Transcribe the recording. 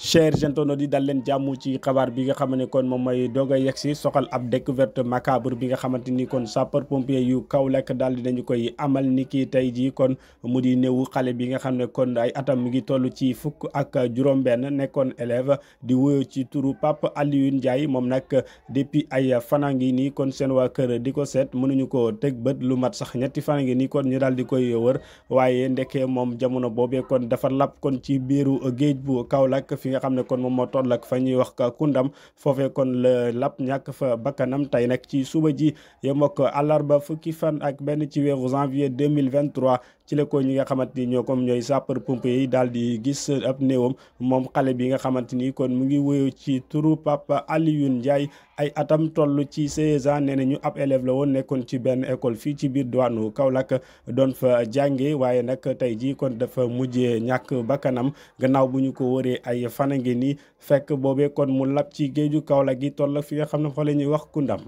chers internautes yi dal leen jàmm ci xabaar bi nga xam ne kon moom mooy doog a yegsi soxal ab découverte macabre bi nga xamante ni kon sapeur pompier yu Kaolack daal di nañu koy amal ni ki tey jii kon mu di néewu xale bi nga xam ne kon ay atam mi ngi toll ci fukk ak juróom-benn nekkoon élève di wuyoo ci turu Pape Alioune Ndiaye moom nag depuis ay fanaa ngi nii kon seen waa kër di ko seet mënuñu ko teg bët lu mat sax ñetti fanaa ngi ni kon ñu daal di koy wër waaye ndeke moom jamono boobee kon dafa lab kon ci biiru géej bu Kaolack fi xam ne kon moom moo toll fa ñuy wax kundam foofe kon la lap ñàkk fa bakkanam tey nag ci suba ji yemook àllarba fukki fan ak benn ci weeru janvier 2023 ci la ko ñi nga xamante ni ñoo comme ñooy sapeur pompier yi daal di gis ab néewam moom xale bi nga xamante ni kon mu ngi wuyoo ci turu Papa Alioune Ndiaye ay atam toll ci 16 ans na ñu ab élève la woon nekkoon ci benn école fii ci biir diwaanu Kaolack doon fa jànge waaye nag tey jii kon dafa mujjee ñàkk bakkanam gannaaw bu ñu ko wëree ay fan ngi ni fekk boobe kon mu lab ci géeju Kaolack gi toll fi nga xam ne fa la ñuy wax kundam